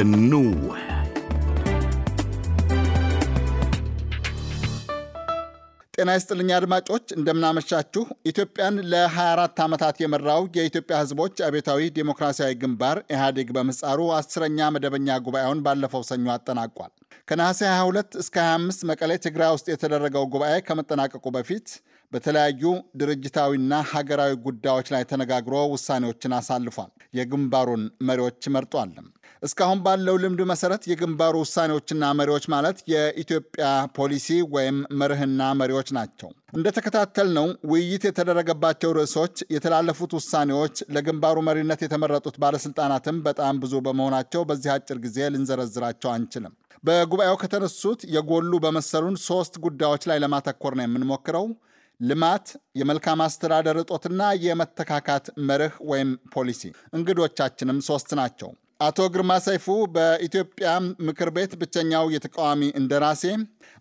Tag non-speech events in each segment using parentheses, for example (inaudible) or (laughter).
እንወያይ። ጤና ይስጥልኝ አድማጮች፣ እንደምናመሻችሁ። ኢትዮጵያን ለ24 ዓመታት የመራው የኢትዮጵያ ሕዝቦች አብዮታዊ ዴሞክራሲያዊ ግንባር ኢህአዴግ በምጻሩ አስረኛ መደበኛ ጉባኤውን ባለፈው ሰኞ አጠናቋል። ከነሐሴ 22 እስከ 25 መቀሌ ትግራይ ውስጥ የተደረገው ጉባኤ ከመጠናቀቁ በፊት በተለያዩ ድርጅታዊና ሀገራዊ ጉዳዮች ላይ ተነጋግሮ ውሳኔዎችን አሳልፏል። የግንባሩን መሪዎች መርጧልም። እስካሁን ባለው ልምድ መሰረት የግንባሩ ውሳኔዎችና መሪዎች ማለት የኢትዮጵያ ፖሊሲ ወይም መርህና መሪዎች ናቸው። እንደተከታተል ነው ውይይት የተደረገባቸው ርዕሶች፣ የተላለፉት ውሳኔዎች፣ ለግንባሩ መሪነት የተመረጡት ባለስልጣናትም በጣም ብዙ በመሆናቸው በዚህ አጭር ጊዜ ልንዘረዝራቸው አንችልም። በጉባኤው ከተነሱት የጎሉ በመሰሉን ሶስት ጉዳዮች ላይ ለማተኮር ነው የምንሞክረው። ልማት፣ የመልካም አስተዳደር እጦትና የመተካካት መርህ ወይም ፖሊሲ። እንግዶቻችንም ሶስት ናቸው። አቶ ግርማ ሰይፉ በኢትዮጵያ ምክር ቤት ብቸኛው የተቃዋሚ እንደራሴ፣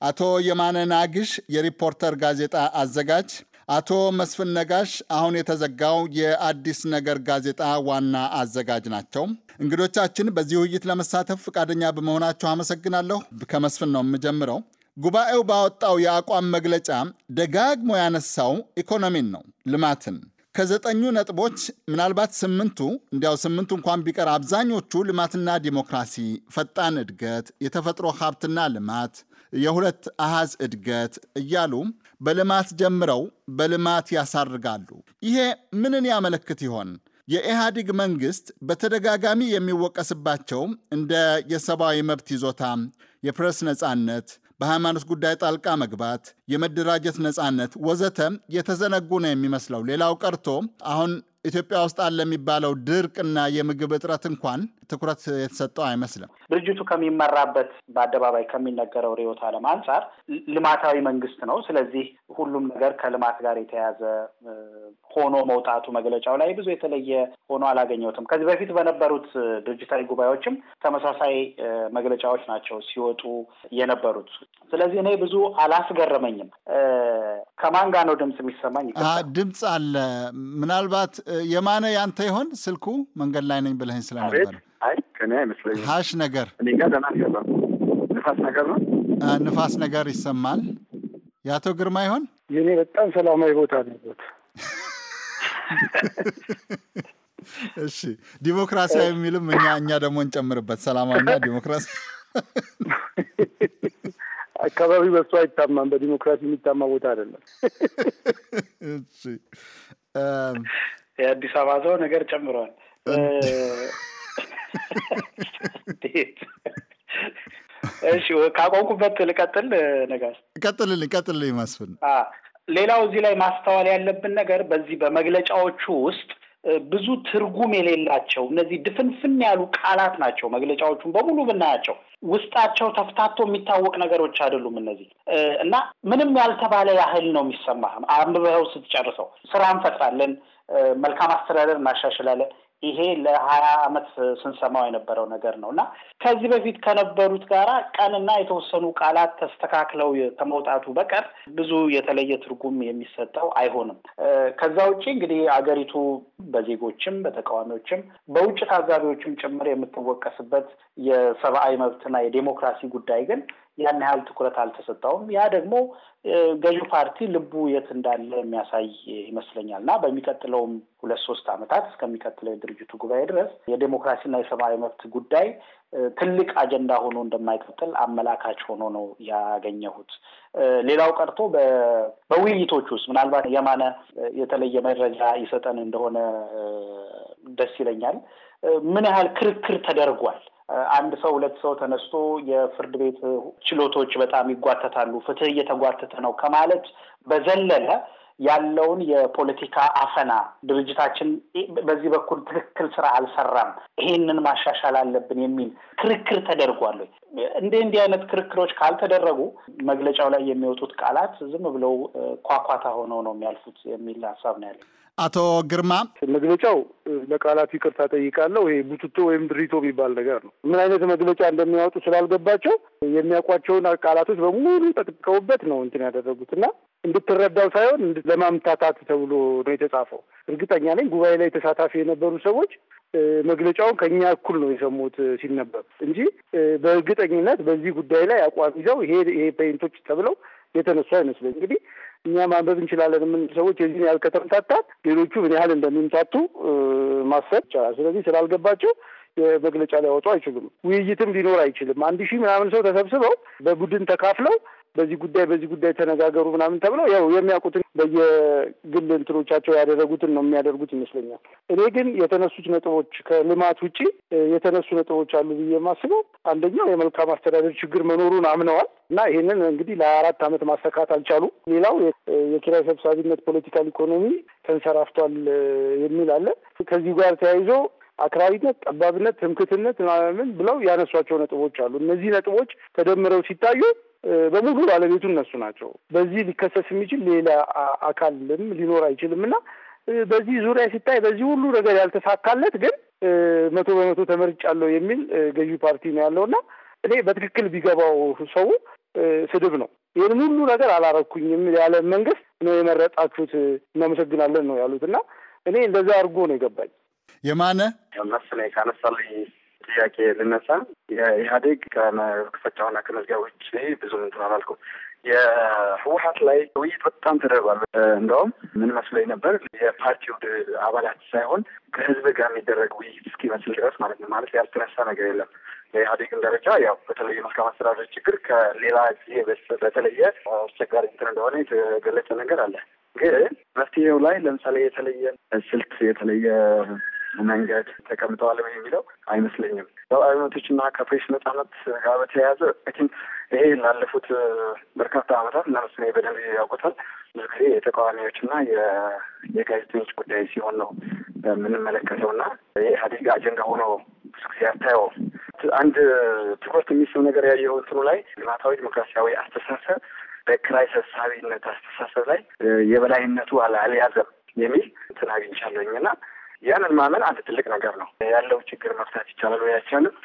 አቶ የማነ ናግሽ የሪፖርተር ጋዜጣ አዘጋጅ፣ አቶ መስፍን ነጋሽ አሁን የተዘጋው የአዲስ ነገር ጋዜጣ ዋና አዘጋጅ ናቸው። እንግዶቻችን በዚህ ውይይት ለመሳተፍ ፈቃደኛ በመሆናቸው አመሰግናለሁ። ከመስፍን ነው የምጀምረው። ጉባኤው ባወጣው የአቋም መግለጫ ደጋግሞ ያነሳው ኢኮኖሚን ነው፣ ልማትን ከዘጠኙ ነጥቦች ምናልባት ስምንቱ እንዲያው ስምንቱ እንኳን ቢቀር አብዛኞቹ ልማትና ዲሞክራሲ፣ ፈጣን እድገት፣ የተፈጥሮ ሀብትና ልማት፣ የሁለት አሃዝ እድገት እያሉ በልማት ጀምረው በልማት ያሳርጋሉ። ይሄ ምንን ያመለክት ይሆን? የኢህአዲግ መንግስት በተደጋጋሚ የሚወቀስባቸው እንደ የሰብአዊ መብት ይዞታ፣ የፕሬስ ነፃነት፣ በሃይማኖት ጉዳይ ጣልቃ መግባት፣ የመደራጀት ነፃነት ወዘተ የተዘነጉ ነው የሚመስለው። ሌላው ቀርቶ አሁን ኢትዮጵያ ውስጥ አለ የሚባለው ድርቅና የምግብ እጥረት እንኳን ትኩረት የተሰጠው አይመስልም። ድርጅቱ ከሚመራበት በአደባባይ ከሚነገረው ርዕዮተ ዓለም አንጻር ልማታዊ መንግስት ነው። ስለዚህ ሁሉም ነገር ከልማት ጋር የተያዘ ሆኖ መውጣቱ መግለጫው ላይ ብዙ የተለየ ሆኖ አላገኘሁትም። ከዚህ በፊት በነበሩት ድርጅታዊ ጉባኤዎችም ተመሳሳይ መግለጫዎች ናቸው ሲወጡ የነበሩት። ስለዚህ እኔ ብዙ አላስገረመኝም። ከማን ጋር ነው ድምፅ የሚሰማኝ? ድምፅ አለ። ምናልባት የማነ ያንተ ይሆን ስልኩ? መንገድ ላይ ነኝ ብለኸኝ ስለነበረ ከኔ አይመስለኝም። ሀሽ ነገር እኔ ጋር ደህና አይገባም። ንፋስ ነገር ነው። ንፋስ ነገር ይሰማል። የአቶ ግርማ ይሆን? የኔ በጣም ሰላማዊ ቦታ ነው። ቦታ እሺ፣ ዲሞክራሲያዊ የሚልም እኛ እኛ ደግሞ እንጨምርበት። ሰላማዊና ዲሞክራሲ (laughs) አካባቢ በሱ አይታማም። በዲሞክራሲ የሚታማ ቦታ አይደለም። የአዲስ አበባ ሰው ነገር ጨምሯል። እሺ ካቆንኩበት ልቀጥል። ነጋሽ ቀጥልልኝ፣ ቀጥልልኝ ማስፍን። ሌላው እዚህ ላይ ማስተዋል ያለብን ነገር በዚህ በመግለጫዎቹ ውስጥ ብዙ ትርጉም የሌላቸው እነዚህ ድፍንፍን ያሉ ቃላት ናቸው። መግለጫዎቹን በሙሉ ብናያቸው ውስጣቸው ተፍታቶ የሚታወቅ ነገሮች አይደሉም እነዚህ እና ምንም ያልተባለ ያህል ነው የሚሰማህም አንብበው ስትጨርሰው። ስራ እንፈጥራለን፣ መልካም አስተዳደር እናሻሽላለን፣ ይሄ ለሀያ አመት ስንሰማው የነበረው ነገር ነው እና ከዚህ በፊት ከነበሩት ጋራ ቀንና የተወሰኑ ቃላት ተስተካክለው ከመውጣቱ በቀር ብዙ የተለየ ትርጉም የሚሰጠው አይሆንም። ከዛ ውጭ እንግዲህ አገሪቱ በዜጎችም በተቃዋሚዎችም በውጭ ታዛቢዎችም ጭምር የምትወቀስበት የሰብአዊ መብትና የዴሞክራሲ ጉዳይ ግን ያን ያህል ትኩረት አልተሰጠውም። ያ ደግሞ ገዢው ፓርቲ ልቡ የት እንዳለ የሚያሳይ ይመስለኛል እና በሚቀጥለውም ሁለት ሶስት ዓመታት እስከሚቀጥለው የድርጅቱ ጉባኤ ድረስ የዴሞክራሲና የሰብአዊ መብት ጉዳይ ትልቅ አጀንዳ ሆኖ እንደማይቀጥል አመላካች ሆኖ ነው ያገኘሁት። ሌላው ቀርቶ በውይይቶች ውስጥ ምናልባት የማነ የተለየ መረጃ ይሰጠን እንደሆነ ደስ ይለኛል። ምን ያህል ክርክር ተደርጓል? አንድ ሰው ሁለት ሰው ተነስቶ የፍርድ ቤት ችሎቶች በጣም ይጓተታሉ፣ ፍትህ እየተጓተተ ነው ከማለት በዘለለ ያለውን የፖለቲካ አፈና ድርጅታችን በዚህ በኩል ትክክል ስራ አልሰራም፣ ይሄንን ማሻሻል አለብን የሚል ክርክር ተደርጓል ወይ? እንዲህ እንዲህ አይነት ክርክሮች ካልተደረጉ መግለጫው ላይ የሚወጡት ቃላት ዝም ብለው ኳኳታ ሆነው ነው የሚያልፉት የሚል ሀሳብ ነው ያለው። አቶ ግርማ መግለጫው ለቃላት ይቅርታ ጠይቃለሁ። ይሄ ቡትቶ ወይም ድሪቶ የሚባል ነገር ነው። ምን አይነት መግለጫ እንደሚያወጡ ስላልገባቸው የሚያውቋቸውን ቃላቶች በሙሉ ጠቅጥቀውበት ነው እንትን ያደረጉት እና እንድትረዳው ሳይሆን ለማምታታት ተብሎ ነው የተጻፈው። እርግጠኛ ነኝ ጉባኤ ላይ ተሳታፊ የነበሩ ሰዎች መግለጫውን ከኛ እኩል ነው የሰሙት ሲነበብ እንጂ በእርግጠኝነት በዚህ ጉዳይ ላይ አቋም ይዘው ይሄ ይሄ ፔይንቶች ተብለው የተነሱ አይመስለኝ። እንግዲህ እኛ ማንበብ እንችላለን የምን ሰዎች የዚህን ያህል ከተምታታ ሌሎቹ ምን ያህል እንደሚምታቱ ማሰብ ይቻላል። ስለዚህ ስላልገባቸው መግለጫ ሊያወጡ አይችሉም። ውይይትም ሊኖር አይችልም። አንድ ሺህ ምናምን ሰው ተሰብስበው በቡድን ተካፍለው በዚህ ጉዳይ በዚህ ጉዳይ ተነጋገሩ ምናምን ተብለው ያው የሚያውቁትን በየግል እንትኖቻቸው ያደረጉትን ነው የሚያደርጉት ይመስለኛል። እኔ ግን የተነሱት ነጥቦች ከልማት ውጪ የተነሱ ነጥቦች አሉ ብዬ የማስበው አንደኛው የመልካም አስተዳደር ችግር መኖሩን አምነዋል እና ይህንን እንግዲህ ለሀያ አራት ዓመት ማሰካት አልቻሉ። ሌላው የኪራይ ሰብሳቢነት ፖለቲካል ኢኮኖሚ ተንሰራፍቷል የሚል አለ። ከዚህ ጋር ተያይዞ አክራሪነት፣ ጠባብነት፣ ትምክትነት ምናምን ብለው ያነሷቸው ነጥቦች አሉ። እነዚህ ነጥቦች ተደምረው ሲታዩ በሙሉ ባለቤቱ እነሱ ናቸው። በዚህ ሊከሰስ የሚችል ሌላ አካልም ሊኖር አይችልም እና በዚህ ዙሪያ ሲታይ በዚህ ሁሉ ነገር ያልተሳካለት ግን መቶ በመቶ ተመርጫለሁ የሚል ገዢ ፓርቲ ነው ያለው እና እኔ በትክክል ቢገባው ሰው ስድብ ነው። ይህን ሁሉ ነገር አላረኩኝም ያለ መንግስት ነው የመረጣችሁት፣ እናመሰግናለን ነው ያሉት እና እኔ እንደዛ አድርጎ ነው የገባኝ የማነ መስለኝ ካነሳለኝ ጥያቄ ልነሳ የኢህአዴግ ከመክፈቻውና ከመዝጊያ ውጭ ብዙ እንትን አላልኩም። የህወሀት ላይ ውይይት በጣም ተደርጓል። እንደውም ምን መስሎኝ ነበር የፓርቲው አባላት ሳይሆን ከህዝብ ጋር የሚደረግ ውይይት እስኪመስል ድረስ ማለት ነው። ማለት ያልተነሳ ነገር የለም። በኢህአዴግም ደረጃ ያው በተለይ የመልካም አስተዳደር ችግር ከሌላ ጊዜ በተለየ አስቸጋሪ እንትን እንደሆነ የተገለጸ ነገር አለ። ግን መፍትሄው ላይ ለምሳሌ የተለየ ስልት የተለየ መንገድ ተቀምጠዋል ወይ የሚለው አይመስለኝም። ሰብአዊ መብቶችና ከፕሬስ ነጻነት ጋር በተያያዘ አይ ይሄ ላለፉት በርካታ ዓመታት እነሱ በደንብ ያውቁታል። ብዙ ጊዜ የተቃዋሚዎችና የጋዜጠኞች ጉዳይ ሲሆን ነው የምንመለከተው የምንመለከተውና የኢህአዴግ አጀንዳ ሆኖ ብዙ ጊዜ አታየውም። አንድ ትኩረት የሚስብ ነገር ያየው እንትኑ ላይ ልማታዊ ዲሞክራሲያዊ አስተሳሰብ በክራይ ሰብሳቢነት አስተሳሰብ ላይ የበላይነቱ አልያዘም የሚል እንትን አግኝቻለሁኝ እና ያንን ማመን አንድ ትልቅ ነገር ነው። ያለው ችግር መፍታት ይቻላል ወይ አይቻልም፣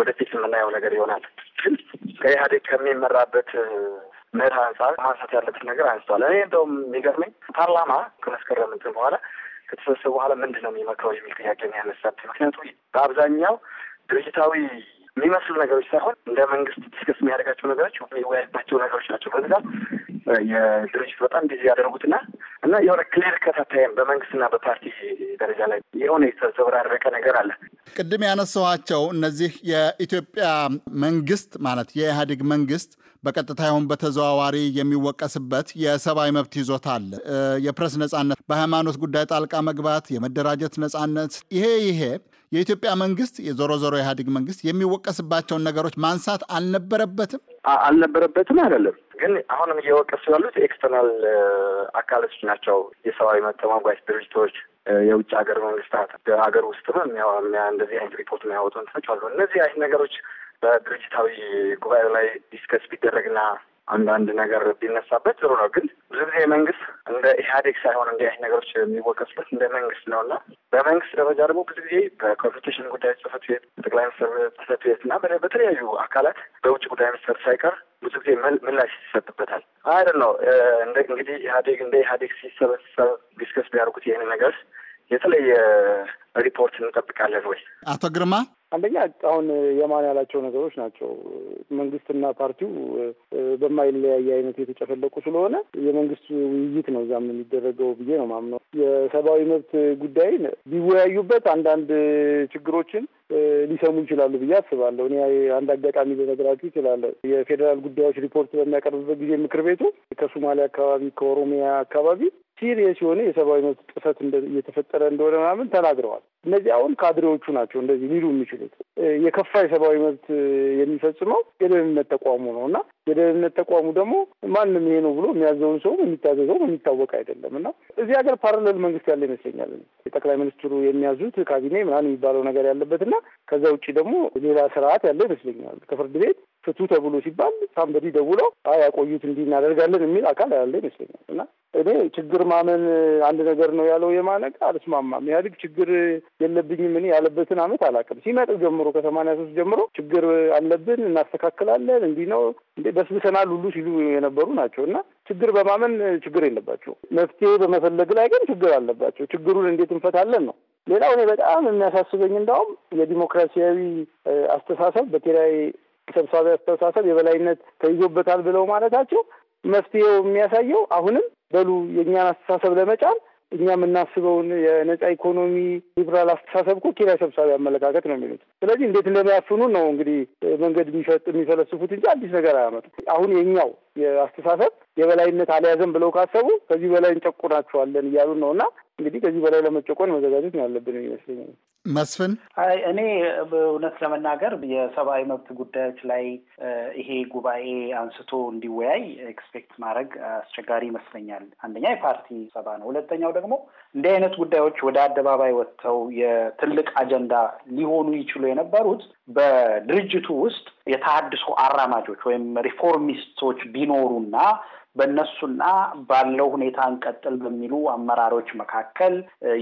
ወደፊት የምናየው ነገር ይሆናል። ግን ከኢህአዴግ ከሚመራበት መርህ አንጻር ማንሳት ያለበት ነገር አንስቷል። እኔ እንደውም የሚገርመኝ ፓርላማ ከመስከረም እንትን በኋላ ከተሰበሰቡ በኋላ ምንድን ነው የሚመክረው የሚል ጥያቄ ነው ያነሳት። ምክንያቱ በአብዛኛው ድርጅታዊ የሚመስሉ ነገሮች ሳይሆን እንደ መንግስት ዲስከስ የሚያደርጋቸው ነገሮች የሚወያይባቸው ነገሮች ናቸው። በዛ የድርጅት በጣም ጊዜ ያደርጉትና እና የሆነ ክሌር ከታታይም በመንግስትና በፓርቲ ደረጃ ላይ የሆነ የተዘበራረቀ ነገር አለ። ቅድም ያነሳኋቸው እነዚህ የኢትዮጵያ መንግስት ማለት የኢህአዴግ መንግስት በቀጥታ ይሁን በተዘዋዋሪ የሚወቀስበት የሰብአዊ መብት ይዞታ አለ። የፕሬስ ነጻነት፣ በሃይማኖት ጉዳይ ጣልቃ መግባት፣ የመደራጀት ነጻነት፣ ይሄ ይሄ የኢትዮጵያ መንግስት የዞሮ ዞሮ ኢህአዴግ መንግስት የሚወቀስባቸውን ነገሮች ማንሳት አልነበረበትም አልነበረበትም አይደለም ግን አሁንም እየወቀሱ ያሉት ኤክስተርናል አካላቶች ናቸው። የሰብአዊ መብት ድርጅቶች፣ የውጭ ሀገር መንግስታት፣ በሀገር ውስጥም እንደዚህ አይነት ሪፖርት የሚያወጡ እንትኖች አሉ። እነዚህ አይነት ነገሮች በድርጅታዊ ጉባኤ ላይ ዲስከስ ቢደረግና አንዳንድ ነገር ቢነሳበት ጥሩ ነው። ግን ብዙ ጊዜ መንግስት እንደ ኢህአዴግ ሳይሆን እንዲህ አይነት ነገሮች የሚወቀሱበት እንደ መንግስት ነው እና በመንግስት ደረጃ ደግሞ ብዙ ጊዜ በኮሚኒኬሽን ጉዳዮች ጽህፈት ቤት፣ ጠቅላይ ሚኒስትር ጽህፈት ቤት እና በተለያዩ አካላት በውጭ ጉዳይ ሚኒስትር ሳይቀር ብዙ ጊዜ ምላሽ ይሰጥበታል። አይደ ነው እንደ እንግዲህ ኢህአዴግ እንደ ኢህአዴግ ሲሰበሰብ ዲስከስ ቢያደርጉት ይህን ነገር የተለየ ሪፖርት እንጠብቃለን ወይ? አቶ ግርማ አንደኛ አሁን የማን ያላቸው ነገሮች ናቸው። መንግስትና ፓርቲው በማይለያየ አይነት የተጨፈለቁ ስለሆነ የመንግስት ውይይት ነው እዛም የሚደረገው ብዬ ነው ማምነው። የሰብአዊ መብት ጉዳይን ቢወያዩበት አንዳንድ ችግሮችን ሊሰሙ ይችላሉ ብዬ አስባለሁ። እኔ አንድ አጋጣሚ ልነግራችሁ እችላለሁ። የፌዴራል ጉዳዮች ሪፖርት በሚያቀርብበት ጊዜ ምክር ቤቱ ከሱማሊያ አካባቢ፣ ከኦሮሚያ አካባቢ ሲሪየስ የሆነ የሰብአዊ መብት ጥሰት እየተፈጠረ እንደሆነ ምናምን ተናግረዋል። እነዚህ አሁን ካድሬዎቹ ናቸው እንደዚህ ሊሉ የሚችሉት። የከፋ የሰብአዊ መብት የሚፈጽመው የደህንነት ተቋሙ ነው እና የደህንነት ተቋሙ ደግሞ ማንም ይሄ ነው ብሎ የሚያዘውን ሰው የሚታዘዘው የሚታወቅ አይደለም እና እዚህ ሀገር ፓራለል መንግስት ያለ ይመስለኛል። የጠቅላይ ሚኒስትሩ የሚያዙት ካቢኔ ምናምን የሚባለው ነገር ያለበት እና ከዛ ውጭ ደግሞ ሌላ ስርዓት ያለ ይመስለኛል። ከፍርድ ቤት ፍቱ ተብሎ ሲባል ሳምበዲ ደውለው አይ ያቆዩት እንዲህ እናደርጋለን የሚል አካል ያለ ይመስለኛል እና እኔ ችግር ማመን አንድ ነገር ነው ያለው የማነ አልስማማም። ኢህአዴግ ችግር የለብኝም እኔ ያለበትን አመት አላውቅም። ሲመጥ ጀምሮ ከሰማንያ ሶስት ጀምሮ ችግር አለብን እናስተካክላለን እንዲህ ነው እንደ በስብሰናል ሁሉ ሲሉ የነበሩ ናቸው እና ችግር በማመን ችግር የለባቸው፣ መፍትሄ በመፈለግ ላይ ግን ችግር አለባቸው። ችግሩን እንዴት እንፈታለን ነው። ሌላው እኔ በጣም የሚያሳስበኝ እንዳውም የዲሞክራሲያዊ አስተሳሰብ በኪራይ ሰብሳቢ አስተሳሰብ የበላይነት ተይዞበታል ብለው ማለታቸው መፍትሄው የሚያሳየው አሁንም በሉ የእኛን አስተሳሰብ ለመጫን እኛ የምናስበውን የነጻ ኢኮኖሚ ሊብራል አስተሳሰብ እኮ ኪራይ ሰብሳቢ አመለካከት ነው የሚሉት። ስለዚህ እንዴት እንደሚያፍኑን ነው እንግዲህ መንገድ የሚፈጥ የሚፈለስፉት እንጂ አዲስ ነገር አያመጡ። አሁን የኛው የአስተሳሰብ የበላይነት አልያዘን ብለው ካሰቡ ከዚህ በላይ እንጨቁናቸዋለን እያሉ ነው። እና እንግዲህ ከዚህ በላይ ለመጨቆን መዘጋጀት ነው ያለብን ይመስለኛል። መስፍን፣ እኔ በእውነት ለመናገር የሰብአዊ መብት ጉዳዮች ላይ ይሄ ጉባኤ አንስቶ እንዲወያይ ኤክስፔክት ማድረግ አስቸጋሪ ይመስለኛል። አንደኛ የፓርቲ ሰባ ነው። ሁለተኛው ደግሞ እንዲህ አይነት ጉዳዮች ወደ አደባባይ ወጥተው የትልቅ አጀንዳ ሊሆኑ ይችሉ የነበሩት በድርጅቱ ውስጥ የተሃድሶ አራማጆች ወይም ሪፎርሚስቶች ቢኖሩና በእነሱና ባለው ሁኔታ እንቀጥል በሚሉ አመራሮች መካከል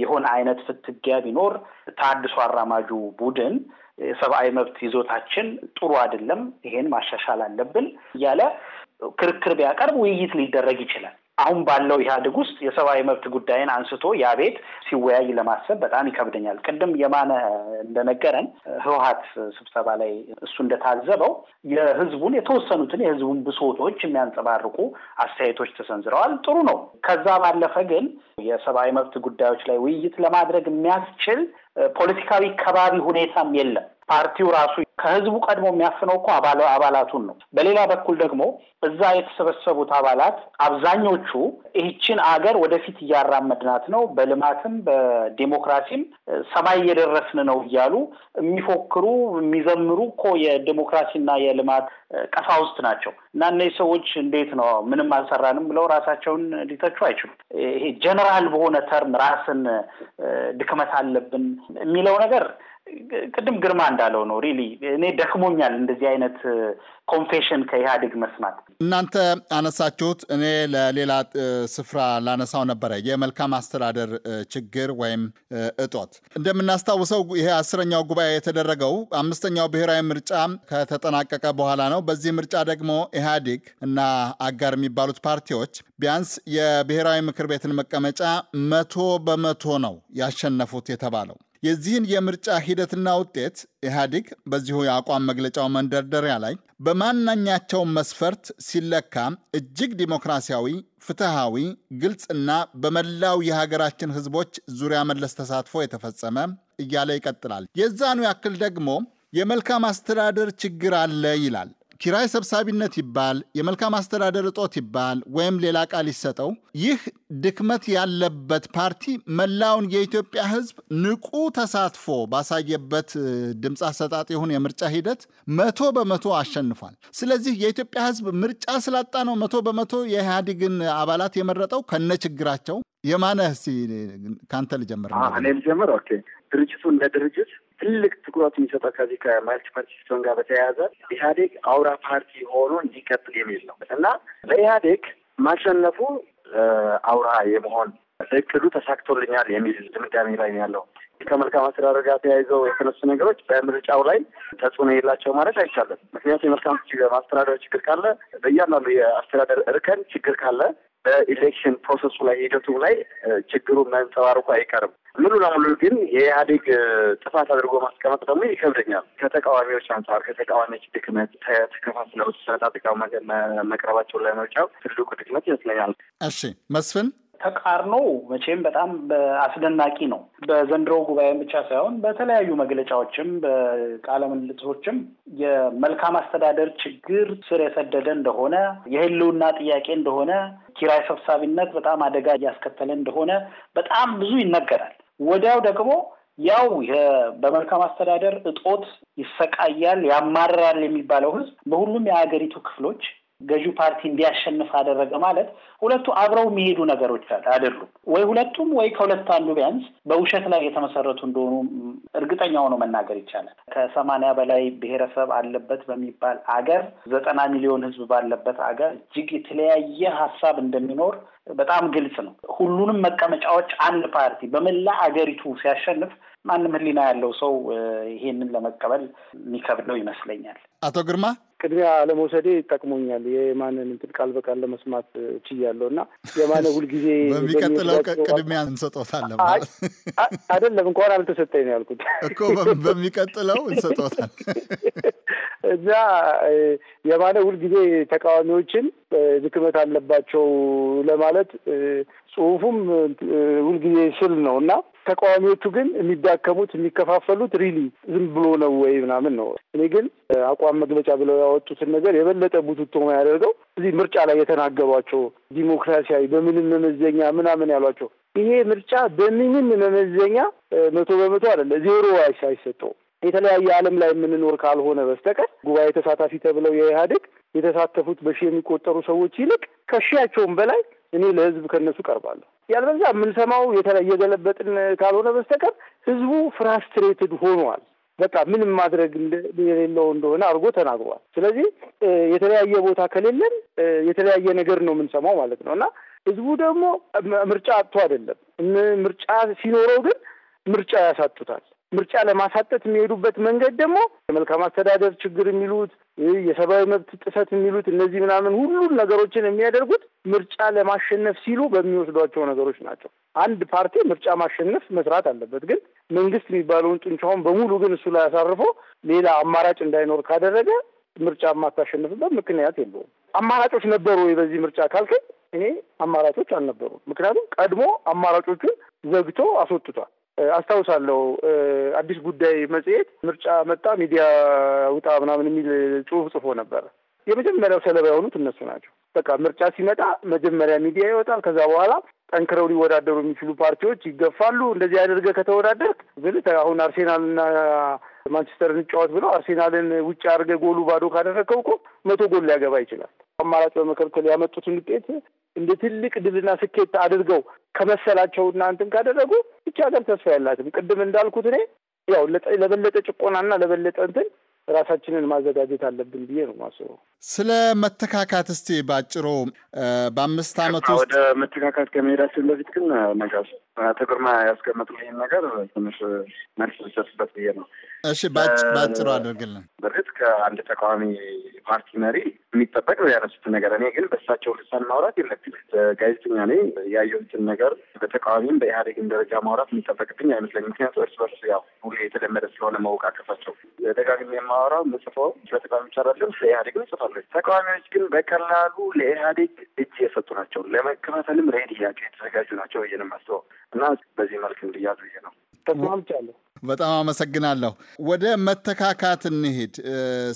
የሆነ አይነት ፍትጊያ ቢኖር ተሃድሶ አራማጁ ቡድን የሰብአዊ መብት ይዞታችን ጥሩ አይደለም፣ ይሄን ማሻሻል አለብን እያለ ክርክር ቢያቀርብ ውይይት ሊደረግ ይችላል። አሁን ባለው ኢህአዴግ ውስጥ የሰብአዊ መብት ጉዳይን አንስቶ ያ ቤት ሲወያይ ለማሰብ በጣም ይከብደኛል። ቅድም የማነ እንደነገረን ህወሀት ስብሰባ ላይ እሱ እንደታዘበው የህዝቡን የተወሰኑትን የህዝቡን ብሶቶች የሚያንጸባርቁ አስተያየቶች ተሰንዝረዋል። ጥሩ ነው። ከዛ ባለፈ ግን የሰብአዊ መብት ጉዳዮች ላይ ውይይት ለማድረግ የሚያስችል ፖለቲካዊ ከባቢ ሁኔታም የለም። ፓርቲው ራሱ ከህዝቡ ቀድሞ የሚያፍነው እኮ አባላቱን ነው። በሌላ በኩል ደግሞ እዛ የተሰበሰቡት አባላት አብዛኞቹ ይህችን አገር ወደፊት እያራመድናት ነው፣ በልማትም በዴሞክራሲም ሰማይ እየደረስን ነው እያሉ የሚፎክሩ የሚዘምሩ እኮ የዴሞክራሲና የልማት ቀሳውስት ናቸው። እና እነዚህ ሰዎች እንዴት ነው ምንም አልሰራንም ብለው ራሳቸውን ሊተቹ አይችሉም። ይሄ ጀነራል በሆነ ተርም ራስን ድክመት አለብን የሚለው ነገር ቅድም ግርማ እንዳለው ነው ሪሊ እኔ ደክሞኛል እንደዚህ አይነት ኮንፌሽን ከኢህአዴግ መስማት። እናንተ አነሳችሁት፣ እኔ ለሌላ ስፍራ ላነሳው ነበረ የመልካም አስተዳደር ችግር ወይም እጦት። እንደምናስታውሰው ይሄ አስረኛው ጉባኤ የተደረገው አምስተኛው ብሔራዊ ምርጫ ከተጠናቀቀ በኋላ ነው። በዚህ ምርጫ ደግሞ ኢህአዴግ እና አጋር የሚባሉት ፓርቲዎች ቢያንስ የብሔራዊ ምክር ቤትን መቀመጫ መቶ በመቶ ነው ያሸነፉት የተባለው የዚህን የምርጫ ሂደትና ውጤት ኢህአዲግ በዚሁ የአቋም መግለጫው መንደርደሪያ ላይ በማናኛቸው መስፈርት ሲለካ እጅግ ዲሞክራሲያዊ፣ ፍትሐዊ፣ ግልጽና በመላው የሀገራችን ህዝቦች ዙሪያ መለስ ተሳትፎ የተፈጸመ እያለ ይቀጥላል። የዛኑ ያክል ደግሞ የመልካም አስተዳደር ችግር አለ ይላል። ኪራይ ሰብሳቢነት ይባል፣ የመልካም አስተዳደር እጦት ይባል ወይም ሌላ ቃል ይሰጠው፣ ይህ ድክመት ያለበት ፓርቲ መላውን የኢትዮጵያ ሕዝብ ንቁ ተሳትፎ ባሳየበት ድምፅ አሰጣጥ ይሁን የምርጫ ሂደት መቶ በመቶ አሸንፏል። ስለዚህ የኢትዮጵያ ሕዝብ ምርጫ ስላጣ ነው መቶ በመቶ የኢህአዴግን አባላት የመረጠው ከነ ችግራቸው። የማነ እስኪ ልጀምር። እኔ ልጀምር። ኦኬ ድርጅቱ እንደ ድርጅት ትልቅ ትኩረት የሚሰጠው ከዚህ ከማልቲ ፓርቲ ሲስተም ጋር በተያያዘ ኢህአዴግ አውራ ፓርቲ ሆኖ እንዲቀጥል የሚል ነው እና ለኢህአዴግ ማሸነፉ አውራ የመሆን እቅዱ ተሳክቶልኛል የሚል ድምዳሜ ላይ ያለው። ከመልካም አስተዳደር ጋር ተያይዘው የተነሱ ነገሮች በምርጫው ላይ ተጽዕኖ የላቸው ማለት አይቻልም። ምክንያቱም የመልካም አስተዳደር ችግር ካለ በእያንዳንዱ የአስተዳደር እርከን ችግር ካለ በኢሌክሽን ፕሮሰሱ ላይ ሂደቱ ላይ ችግሩ መንጸባረቁ አይቀርም። ሙሉ ለሙሉ ግን የኢህአዴግ ጥፋት አድርጎ ማስቀመጥ ደግሞ ይከብደኛል። ከተቃዋሚዎች አንጻር ከተቃዋሚዎች ድክመት ተከፋፍለው ሰጣ መቅረባቸው መቅረባቸውን ለመውጫው ትልቁ ድክመት ይመስለኛል። እሺ መስፍን ተቃርኖ መቼም በጣም አስደናቂ ነው። በዘንድሮ ጉባኤ ብቻ ሳይሆን በተለያዩ መግለጫዎችም በቃለ ምልልሶችም የመልካም አስተዳደር ችግር ስር የሰደደ እንደሆነ፣ የህልውና ጥያቄ እንደሆነ፣ ኪራይ ሰብሳቢነት በጣም አደጋ እያስከተለ እንደሆነ በጣም ብዙ ይነገራል። ወዲያው ደግሞ ያው በመልካም አስተዳደር እጦት ይሰቃያል፣ ያማርራል የሚባለው ህዝብ በሁሉም የሀገሪቱ ክፍሎች ገዢው ፓርቲ እንዲያሸንፍ አደረገ ማለት ሁለቱ አብረው የሚሄዱ ነገሮች አይደሉም። ወይ ሁለቱም ወይ ከሁለቱ አንዱ ቢያንስ በውሸት ላይ የተመሰረቱ እንደሆኑ እርግጠኛ ሆኖ መናገር ይቻላል። ከሰማንያ በላይ ብሔረሰብ አለበት በሚባል አገር ዘጠና ሚሊዮን ህዝብ ባለበት አገር እጅግ የተለያየ ሀሳብ እንደሚኖር በጣም ግልጽ ነው። ሁሉንም መቀመጫዎች አንድ ፓርቲ በመላ አገሪቱ ሲያሸንፍ ማንም ህሊና ያለው ሰው ይሄንን ለመቀበል የሚከብደው ይመስለኛል። አቶ ግርማ ቅድሚያ ለመውሰዴ ጠቅሞኛል። የማንን እንትን ቃል በቃል ለመስማት ችያለሁ እና የማነ ሁልጊዜ በሚቀጥለው ቅድሚያ እንሰጦታለን ማለት አይደለም። እንኳን አልተሰጠኝ ነው ያልኩት እኮ በሚቀጥለው እንሰጦታል እና የማነ ሁልጊዜ ተቃዋሚዎችን ድክመት አለባቸው ለማለት ጽሁፉም ሁልጊዜ ስል ነው እና ተቃዋሚዎቹ ግን የሚዳከሙት የሚከፋፈሉት ሪሊ ዝም ብሎ ነው ወይ ምናምን ነው። እኔ ግን አቋም መግለጫ ብለው ያወጡትን ነገር የበለጠ ቡትቶ ያደርገው እዚህ ምርጫ ላይ የተናገሯቸው ዲሞክራሲያዊ በምንም መመዘኛ ምናምን ያሏቸው ይሄ ምርጫ በምንም መመዘኛ መቶ በመቶ አይደለ ዜሮ አይሰጠው የተለያየ ዓለም ላይ የምንኖር ካልሆነ በስተቀር ጉባኤ ተሳታፊ ተብለው የኢህአዴግ የተሳተፉት በሺ የሚቆጠሩ ሰዎች ይልቅ ከሺያቸውም በላይ እኔ ለህዝብ ከነሱ ቀርባለሁ። ያልበዛ የምንሰማው እየገለበጥን ካልሆነ በስተቀር ህዝቡ ፍራስትሬትድ ሆኗል። በቃ ምንም ማድረግ የሌለው እንደሆነ አድርጎ ተናግሯል። ስለዚህ የተለያየ ቦታ ከሌለን የተለያየ ነገር ነው የምንሰማው ማለት ነው እና ህዝቡ ደግሞ ምርጫ አጥቶ አይደለም። ምርጫ ሲኖረው ግን ምርጫ ያሳጡታል። ምርጫ ለማሳጠት የሚሄዱበት መንገድ ደግሞ የመልካም አስተዳደር ችግር የሚሉት የሰብአዊ መብት ጥሰት የሚሉት እነዚህ ምናምን ሁሉን ነገሮችን የሚያደርጉት ምርጫ ለማሸነፍ ሲሉ በሚወስዷቸው ነገሮች ናቸው። አንድ ፓርቲ ምርጫ ማሸነፍ መስራት አለበት፣ ግን መንግስት የሚባለውን ጡንቻውን በሙሉ ግን እሱ ላይ አሳርፎ ሌላ አማራጭ እንዳይኖር ካደረገ ምርጫ የማታሸንፍበት ምክንያት የለውም። አማራጮች ነበሩ ወይ በዚህ ምርጫ ካልከኝ፣ እኔ አማራጮች አልነበሩም። ምክንያቱም ቀድሞ አማራጮቹን ዘግቶ አስወጥቷል። አስታውሳለሁ። አዲስ ጉዳይ መጽሔት ምርጫ መጣ ሚዲያ ውጣ ምናምን የሚል ጽሁፍ ጽፎ ነበር። የመጀመሪያው ሰለባ የሆኑት እነሱ ናቸው። በቃ ምርጫ ሲመጣ መጀመሪያ ሚዲያ ይወጣል። ከዛ በኋላ ጠንክረው ሊወዳደሩ የሚችሉ ፓርቲዎች ይገፋሉ። እንደዚህ ያደርገ ከተወዳደርክ ብል አሁን አርሴናልና ማንቸስተርን ጫወት ብለው አርሴናልን ውጭ አድርገ ጎሉ ባዶ ካደረከው እኮ መቶ ጎል ሊያገባ ይችላል። አማራጭ በመከልከል ያመጡትን ውጤት እንደ ትልቅ ድልና ስኬት አድርገው ከመሰላቸውና እናንትን ካደረጉ ብቻ ሀገር ተስፋ ያላትም። ቅድም እንዳልኩት እኔ ያው ለበለጠ ጭቆናና ለበለጠ እንትን ራሳችንን ማዘጋጀት አለብን ብዬ ነው ማስበው። ስለ መተካካት እስቲ ባጭሩ በአምስት ዓመት ውስጥ ወደ መተካካት ከመሄዳችን በፊት ግን ነገር አቶ ግርማ ያስቀመጡልኝን ነገር ትንሽ መልስ ልሰጥበት ብዬ ነው። እሺ ባጭሩ አድርግልን። በእርግጥ ከአንድ ተቃዋሚ ፓርቲ መሪ የሚጠበቅ ያነሱት ነገር፣ እኔ ግን በእሳቸው ልሳን ማውራት የለብኝ። ጋዜጠኛ ነኝ። ያየሁትን ነገር በተቃዋሚም በኢህአዴግም ደረጃ ማውራት የሚጠበቅብኝ አይመስለኝ። ምክንያቱ እርስ በርስ ያው ሁሌ የተለመደ ስለሆነ መወቃቀፋቸው ደጋግሜ የማወራው ምጽፈው ስለተቃዋሚ ይቻላለን ስለ ኢህአዴግም ጽፋል ትችላለች። ተቃዋሚዎች ግን በቀላሉ ለኢህአዴግ እጅ የሰጡ ናቸው። ለመከፋፈልም ሬድ ያቀ የተዘጋጁ ናቸው ብዬ ነው እና በዚህ መልክ እንድያዙ ብዬ ነው ተስማምቻለሁ። በጣም አመሰግናለሁ። ወደ መተካካት እንሂድ።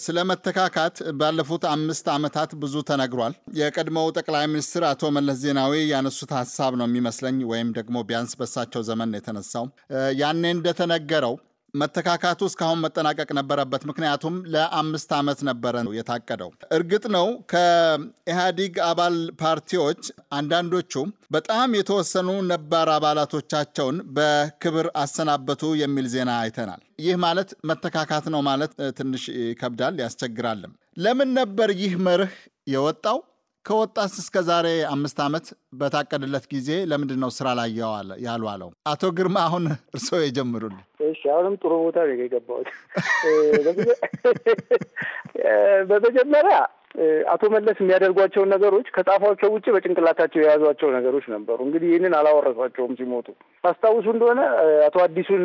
ስለ መተካካት ባለፉት አምስት ዓመታት ብዙ ተነግሯል። የቀድሞው ጠቅላይ ሚኒስትር አቶ መለስ ዜናዊ ያነሱት ሀሳብ ነው የሚመስለኝ፣ ወይም ደግሞ ቢያንስ በሳቸው ዘመን ነው የተነሳው። ያኔ እንደተነገረው መተካካቱ እስካሁን መጠናቀቅ ነበረበት። ምክንያቱም ለአምስት ዓመት ነበረ የታቀደው። እርግጥ ነው ከኢህአዲግ አባል ፓርቲዎች አንዳንዶቹ በጣም የተወሰኑ ነባር አባላቶቻቸውን በክብር አሰናበቱ የሚል ዜና አይተናል። ይህ ማለት መተካካት ነው ማለት ትንሽ ይከብዳል፣ ያስቸግራልም። ለምን ነበር ይህ መርህ የወጣው? ከወጣት እስከ ዛሬ አምስት ዓመት በታቀደለት ጊዜ ለምንድን ነው ስራ ላይ ያልዋለው? አቶ ግርማ አሁን እርስዎ የጀምሩል። እሺ፣ አሁንም ጥሩ ቦታ ነው የገባሁት። በመጀመሪያ አቶ መለስ የሚያደርጓቸውን ነገሮች ከጻፏቸው ውጭ በጭንቅላታቸው የያዟቸው ነገሮች ነበሩ። እንግዲህ ይህንን አላወረሷቸውም ሲሞቱ። ታስታውሱ እንደሆነ አቶ አዲሱን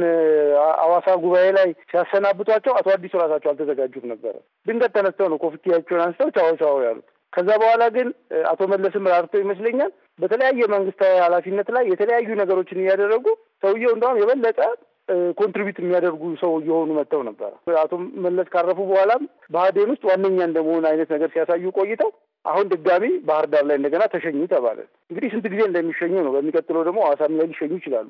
አዋሳ ጉባኤ ላይ ሲያሰናብቷቸው አቶ አዲሱ ራሳቸው አልተዘጋጁም ነበረ። ድንገት ተነስተው ነው ኮፍያቸውን አንስተው ቻው ቻው ያሉት። ከዛ በኋላ ግን አቶ መለስም ራርተው ይመስለኛል በተለያየ መንግስታዊ ኃላፊነት ላይ የተለያዩ ነገሮችን እያደረጉ ሰውየው እንደውም የበለጠ ኮንትሪቢዩት የሚያደርጉ ሰው እየሆኑ መጥተው ነበር። አቶ መለስ ካረፉ በኋላም ብአዴን ውስጥ ዋነኛ እንደመሆን አይነት ነገር ሲያሳዩ ቆይተው አሁን ድጋሚ ባህር ዳር ላይ እንደገና ተሸኙ ተባለ። እንግዲህ ስንት ጊዜ እንደሚሸኙ ነው። በሚቀጥለው ደግሞ ሐዋሳም ላይ ሊሸኙ ይችላሉ።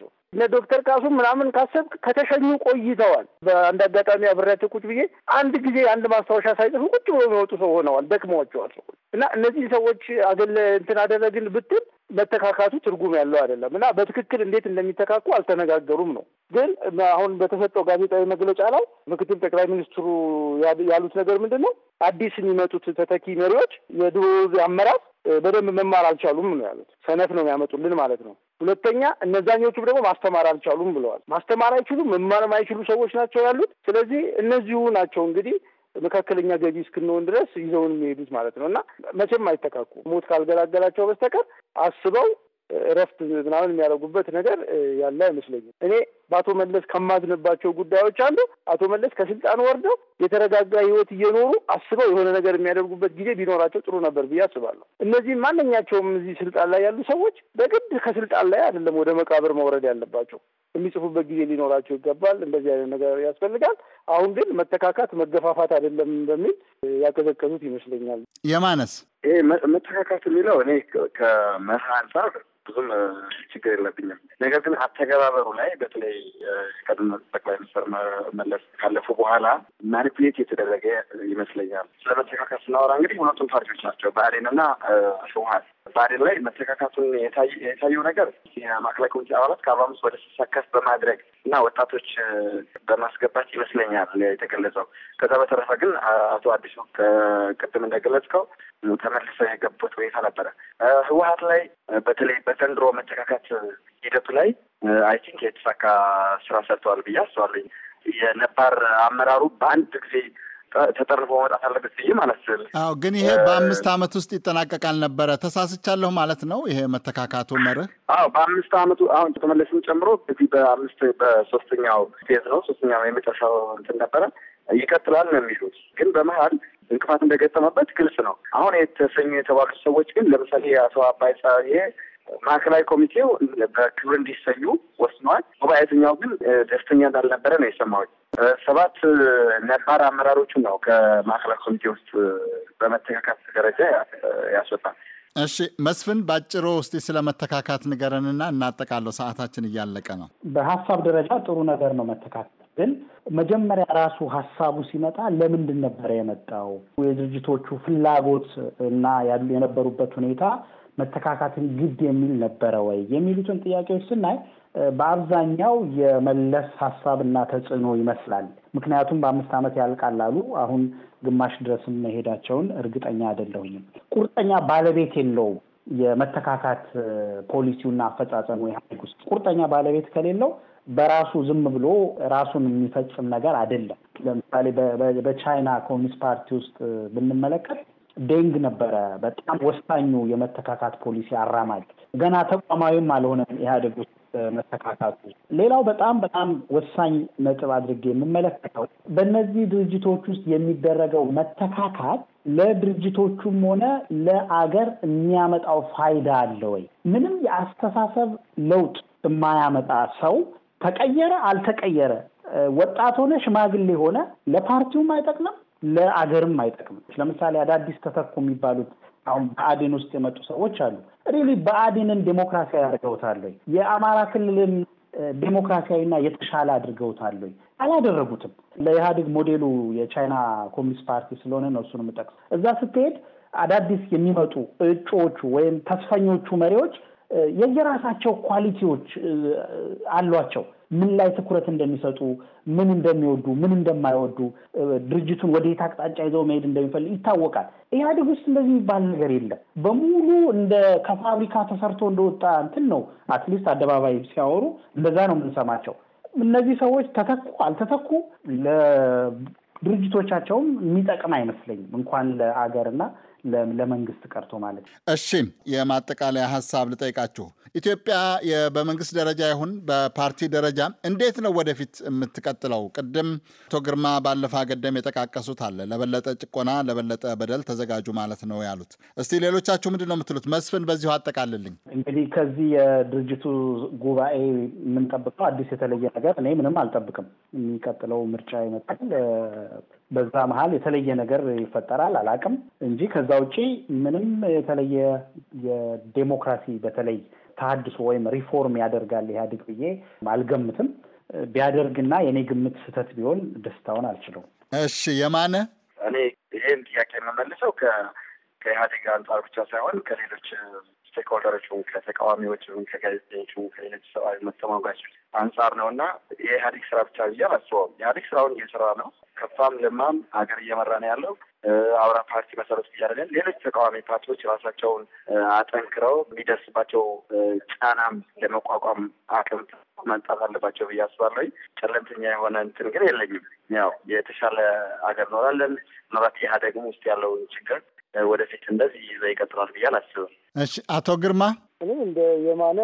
ሰው እነ ዶክተር ካሱ ምናምን ካሰብክ ከተሸኙ ቆይተዋል። በአንድ አጋጣሚ አብሬያቸው ቁጭ ብዬ አንድ ጊዜ አንድ ማስታወሻ ሳይጽፉ ቁጭ ብሎ የሚወጡ ሰው ሆነዋል። ደክመዋቸዋል ሰዎች እና እነዚህ ሰዎች አገለ እንትን አደረግን ብትል መተካካቱ ትርጉም ያለው አይደለም እና በትክክል እንዴት እንደሚተካኩ አልተነጋገሩም ነው። ግን አሁን በተሰጠው ጋዜጣዊ መግለጫ ላይ ምክትል ጠቅላይ ሚኒስትሩ ያሉት ነገር ምንድን ነው? አዲስ የሚመጡት ተተኪ መሪዎች የድሮ አመራር በደንብ መማር አልቻሉም ነው ያሉት። ሰነፍ ነው የሚያመጡልን ማለት ነው። ሁለተኛ እነዛኞቹም ደግሞ ማስተማር አልቻሉም ብለዋል። ማስተማር አይችሉም፣ መማር የማይችሉ ሰዎች ናቸው ያሉት። ስለዚህ እነዚሁ ናቸው እንግዲህ መካከለኛ ገቢ እስክንሆን ድረስ ይዘውን የሚሄዱት ማለት ነው እና መቼም አይተካኩ ሞት ካልገላገላቸው በስተቀር አስበው እረፍት ምናምን የሚያደርጉበት ነገር ያለ አይመስለኝም እኔ በአቶ መለስ ከማዝንባቸው ጉዳዮች አንዱ አቶ መለስ ከስልጣን ወርደው የተረጋጋ ህይወት እየኖሩ አስበው የሆነ ነገር የሚያደርጉበት ጊዜ ቢኖራቸው ጥሩ ነበር ብዬ አስባለሁ። እነዚህ ማንኛቸውም እዚህ ስልጣን ላይ ያሉ ሰዎች በግድ ከስልጣን ላይ አይደለም ወደ መቃብር መውረድ ያለባቸው። የሚጽፉበት ጊዜ ሊኖራቸው ይገባል። እንደዚህ አይነት ነገር ያስፈልጋል። አሁን ግን መተካካት መገፋፋት አይደለም በሚል ያቀዘቀዙት ይመስለኛል። የማነስ ይሄ መተካካት የሚለው እኔ ከመርህ አንጻር ብዙም ችግር የለብኝም። ነገር ግን አተገባበሩ ላይ በተለይ ቀድሞ ጠቅላይ ሚኒስትር መለስ ካለፉ በኋላ ማኒፕሌት የተደረገ ይመስለኛል። ስለ መተካካት ስናወራ እንግዲህ ሁለቱም ፓርቲዎች ናቸው ብአዴንና ህወሀት። ብአዴን ላይ መተካካቱን የታየው ነገር የማዕከላዊ ኮሚቴ አባላት ከአርባ አምስት ወደ ስልሳ ከፍ በማድረግ እና ወጣቶች በማስገባት ይመስለኛል የተገለጸው። ከዛ በተረፈ ግን አቶ አዲሱ ቅድም እንደገለጽከው ተመልሰው የገቡት ሁኔታ ነበረ። ህወሀት ላይ በተለይ በዘንድሮ መጨካከት ሂደቱ ላይ አይ ቲንክ የተሳካ ስራ ሰርተዋል ብዬ አስባለኝ። የነባር አመራሩ በአንድ ጊዜ ተጠርፎ መውጣት አለበት ብዬ ማለት አዎ፣ ግን ይሄ በአምስት አመት ውስጥ ይጠናቀቃል ነበረ። ተሳስቻለሁ ማለት ነው ይሄ መተካካቱ መርህ? አዎ፣ በአምስት አመቱ አሁን ተመለስም ጨምሮ እዚህ በአምስት በሶስተኛው ፌዝ ነው ሶስተኛው የመጨረሻው እንትን ነበረ ይቀጥላል ነው የሚሉት ግን በመሀል እንቅፋት እንደገጠመበት ግልጽ ነው። አሁን የተሰኙ የተባሉት ሰዎች ግን ለምሳሌ የአቶ አባይ ጸሐዬ ማዕከላዊ ኮሚቴው በክብር እንዲሰዩ ወስኗል። ጉባኤተኛው ግን ደስተኛ እንዳልነበረ ነው የሰማሁት። ሰባት ነባር አመራሮቹ ነው ከማዕከላዊ ኮሚቴ ውስጥ በመተካካት ደረጃ ያስወጣል። እሺ መስፍን፣ በአጭሩ ውስጥ ስለ መተካካት ንገረንና እናጠቃለሁ። ሰዓታችን እያለቀ ነው። በሀሳብ ደረጃ ጥሩ ነገር ነው መተካካት መጀመሪያ ራሱ ሀሳቡ ሲመጣ ለምንድን ነበረ የመጣው? የድርጅቶቹ ፍላጎት እና ያሉ የነበሩበት ሁኔታ መተካካትን ግድ የሚል ነበረ ወይ የሚሉትን ጥያቄዎች ስናይ በአብዛኛው የመለስ ሀሳብና ተጽዕኖ ይመስላል። ምክንያቱም በአምስት ዓመት ያልቃል አሉ። አሁን ግማሽ ድረስም መሄዳቸውን እርግጠኛ አይደለሁኝም። ቁርጠኛ ባለቤት የለውም። የመተካካት ፖሊሲውና አፈጻጸሙ ኢህአዴግ ውስጥ ቁርጠኛ ባለቤት ከሌለው በራሱ ዝም ብሎ ራሱን የሚፈጽም ነገር አይደለም። ለምሳሌ በቻይና ኮሚኒስት ፓርቲ ውስጥ ብንመለከት ዴንግ ነበረ በጣም ወሳኙ የመተካካት ፖሊሲ አራማጅ። ገና ተቋማዊም አልሆነም ኢህአዴግ ውስጥ መተካካቱ። ሌላው በጣም በጣም ወሳኝ ነጥብ አድርጌ የምመለከተው በእነዚህ ድርጅቶች ውስጥ የሚደረገው መተካካት ለድርጅቶቹም ሆነ ለአገር የሚያመጣው ፋይዳ አለ ወይ? ምንም የአስተሳሰብ ለውጥ የማያመጣ ሰው ተቀየረ አልተቀየረ፣ ወጣት ሆነ ሽማግሌ ሆነ ለፓርቲውም አይጠቅምም፣ ለአገርም አይጠቅምም። ለምሳሌ አዳዲስ ተተኩ የሚባሉት አሁን በአዴን ውስጥ የመጡ ሰዎች አሉ። ሪሊ በአዴንን ዴሞክራሲያዊ አድርገውታል ወይ? የአማራ ክልልን ዴሞክራሲያዊና የተሻለ አድርገውታል ወይ? አላደረጉትም። ለኢህአዴግ ሞዴሉ የቻይና ኮሚኒስት ፓርቲ ስለሆነ ነው እሱን እዛ ስትሄድ አዳዲስ የሚመጡ እጩዎቹ ወይም ተስፈኞቹ መሪዎች የየራሳቸው ኳሊቲዎች አሏቸው። ምን ላይ ትኩረት እንደሚሰጡ፣ ምን እንደሚወዱ፣ ምን እንደማይወዱ፣ ድርጅቱን ወደየት አቅጣጫ ይዘው መሄድ እንደሚፈልግ ይታወቃል። ኢህአዴግ ውስጥ እንደዚህ የሚባል ነገር የለም። በሙሉ እንደ ከፋብሪካ ተሰርቶ እንደወጣ እንትን ነው። አትሊስት አደባባይ ሲያወሩ እንደዛ ነው የምንሰማቸው። እነዚህ ሰዎች ተተኩ አልተተኩ ለድርጅቶቻቸውም የሚጠቅም አይመስለኝም። እንኳን ለአገርና ለመንግስት ቀርቶ ማለት ነው። እሺ የማጠቃለያ ሀሳብ ልጠይቃችሁ። ኢትዮጵያ በመንግስት ደረጃ ይሁን በፓርቲ ደረጃ እንዴት ነው ወደፊት የምትቀጥለው? ቅድም አቶ ግርማ ባለፈ ገደም የጠቃቀሱት አለ ለበለጠ ጭቆና፣ ለበለጠ በደል ተዘጋጁ ማለት ነው ያሉት። እስቲ ሌሎቻችሁ ምንድን ነው የምትሉት? መስፍን በዚሁ አጠቃልልኝ። እንግዲህ ከዚህ የድርጅቱ ጉባኤ የምንጠብቀው አዲስ የተለየ ነገር እኔ ምንም አልጠብቅም። የሚቀጥለው ምርጫ ይመጣል። በዛ መሀል የተለየ ነገር ይፈጠራል አላቅም እንጂ ከዛ ውጪ ምንም የተለየ የዴሞክራሲ በተለይ ተሀድሶ ወይም ሪፎርም ያደርጋል ኢህአዴግ ብዬ አልገምትም። ቢያደርግና የእኔ ግምት ስህተት ቢሆን ደስታውን አልችለውም። እሺ የማነ እኔ ይህን ጥያቄ የምመልሰው ከኢህአዴግ አንጻር ብቻ ሳይሆን ከሌሎች ስቴክሆልደሮችም ከተቃዋሚዎችም ከጋዜጠኞችም ከሌሎች ሰብአዊ መብት ተሟጋቾች አንጻር ነው እና የኢህአዴግ ስራ ብቻ ብዬ አላስበውም። ኢህአዴግ ስራውን እየሰራ ነው። ከፋም ለማም ሀገር እየመራ ነው ያለው። አውራ ፓርቲ መሰረት እያደረገን ሌሎች ተቃዋሚ ፓርቲዎች ራሳቸውን አጠንክረው የሚደርስባቸው ጫናም ለመቋቋም አቅም መምጣት አለባቸው ብዬ አስባለሁ። ጨለምተኛ የሆነ እንትን ግን የለኝም። ያው የተሻለ ሀገር እኖራለን ምናልባት ኢህአዴግም ውስጥ ያለውን ችግር ወደፊት እንደዚህ ይቀጥላል ብዬ አላስብም። እሺ፣ አቶ ግርማ እኔ እንደ የማነ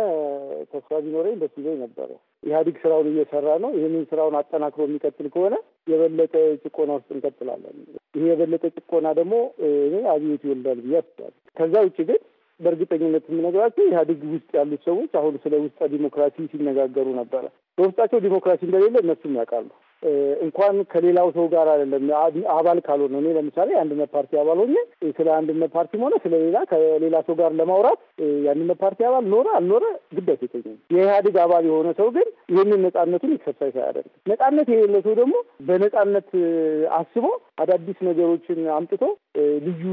ተስፋ ቢኖረኝ ደስ ይለኝ ነበረ። ኢህአዲግ ስራውን እየሰራ ነው። ይህንን ስራውን አጠናክሮ የሚቀጥል ከሆነ የበለጠ ጭቆና ውስጥ እንቀጥላለን። ይሄ የበለጠ ጭቆና ደግሞ እኔ አብዮት ይወልዳል ብዬ አስባለሁ። ከዛ ውጭ ግን በእርግጠኝነት የምነግራቸው ኢህአዲግ ውስጥ ያሉት ሰዎች አሁን ስለ ውስጠ ዲሞክራሲ ሲነጋገሩ ነበረ። በውስጣቸው ዲሞክራሲ እንደሌለ እነሱም ያውቃሉ። እንኳን ከሌላው ሰው ጋር አይደለም አባል ካልሆነ እኔ ለምሳሌ የአንድነት ፓርቲ አባል ሆኜ ስለ አንድነት ፓርቲም ሆነ ስለሌላ ከሌላ ሰው ጋር ለማውራት የአንድነት ፓርቲ አባል ኖረ አልኖረ ግድ አይሰጠኝም። የኢህአዴግ አባል የሆነ ሰው ግን ይህንን ነጻነቱን ኤክሰርሳይዝ አያደርግም። ነጻነት የሌለ ሰው ደግሞ በነጻነት አስቦ አዳዲስ ነገሮችን አምጥቶ ልዩ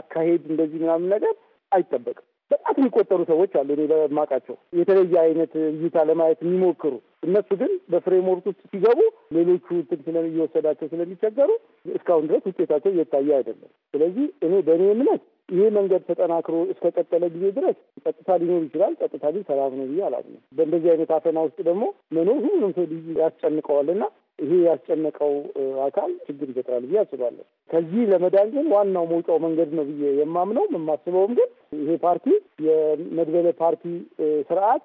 አካሄድ እንደዚህ ምናምን ነገር አይጠበቅም። በጣም የሚቆጠሩ ሰዎች አሉ። እኔ በማውቃቸው የተለየ አይነት እይታ ለማየት የሚሞክሩ እነሱ ግን በፍሬምወርክ ውስጥ ሲገቡ ሌሎቹ እንትን ስለ እየወሰዳቸው ስለሚቸገሩ እስካሁን ድረስ ውጤታቸው እየታየ አይደለም። ስለዚህ እኔ በእኔ እምነት ይሄ መንገድ ተጠናክሮ እስከቀጠለ ጊዜ ድረስ ጸጥታ ሊኖር ይችላል። ጸጥታ ግን ሰላም ነው ብዬ አላምንም። በእንደዚህ አይነት አፈና ውስጥ ደግሞ መኖር ሁሉንም ሰው እና ይሄ ያስጨነቀው አካል ችግር ይፈጥራል ብዬ አስባለሁ። ከዚህ ለመዳን ግን ዋናው መውጫው መንገድ ነው ብዬ የማምነው የማስበውም ግን ይሄ ፓርቲ የመድበለ ፓርቲ ስርዓት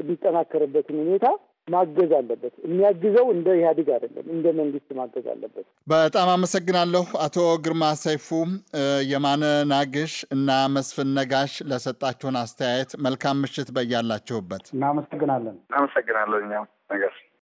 የሚጠናከርበትን ሁኔታ ማገዝ አለበት። የሚያግዘው እንደ ኢህአዴግ አይደለም፣ እንደ መንግስት ማገዝ አለበት። በጣም አመሰግናለሁ አቶ ግርማ ሰይፉ፣ የማነ ናግሽ እና መስፍን ነጋሽ ለሰጣችሁን አስተያየት። መልካም ምሽት በያላችሁበት። እናመሰግናለን። እናመሰግናለሁ እኛም ነገር